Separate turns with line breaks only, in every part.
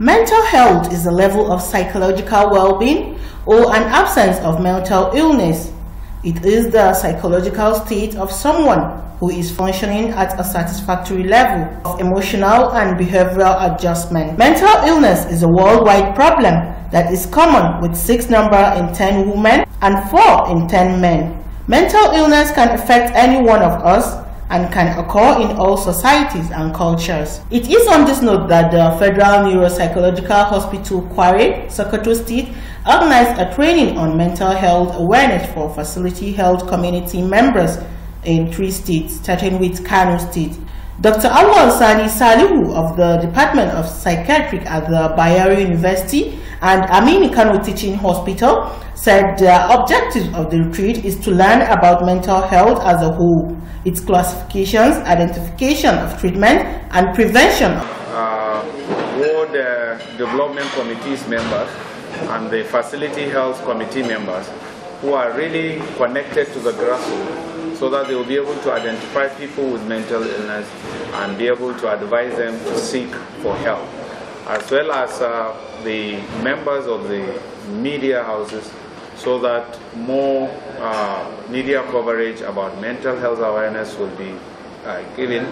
Mental health is a level of psychological well-being or an absence of mental illness. It is the psychological state of someone who is functioning at a satisfactory level of emotional and behavioral adjustment. Mental illness is a worldwide problem that is common with 6 number in 10 women and 4 in 10 men. Mental illness can affect any one of us and can occur in all societies and cultures. It is on this note that the Federal Neuropsychological Hospital Quarry, Sokoto State, organized a training on mental health awareness for facility health community members in three states, starting with Kano State. Dr. Awal Sani Salihu of the Department of Psychiatric at the Bayero University and Amini Kano Teaching Hospital said the objective of the retreat is to learn about mental health as a whole, its classifications, identification of treatment, and prevention.
Uh, all the Development Committee's members and the Facility Health Committee members who are really connected to the grassroots so that they will be able to identify people with mental illness and be able to advise them to seek for help, as well as uh, the members of the media houses so that more uh, media coverage about mental health awareness will be uh, given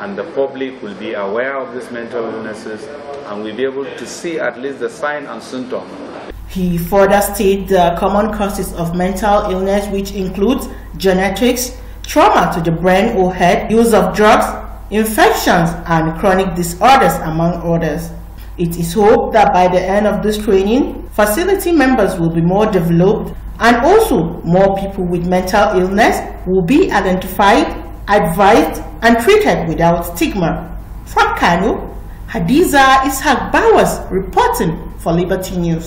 and the public will be aware of these mental illnesses and will be able to see at least the sign and symptom
he further stated the common causes of mental illness, which includes genetics, trauma to the brain or head, use of drugs, infections, and chronic disorders, among others. It is hoped that by the end of this training, facility members will be more developed and also more people with mental illness will be identified, advised, and treated without stigma. From Kano, Hadiza Ishak Bowers reporting for Liberty News.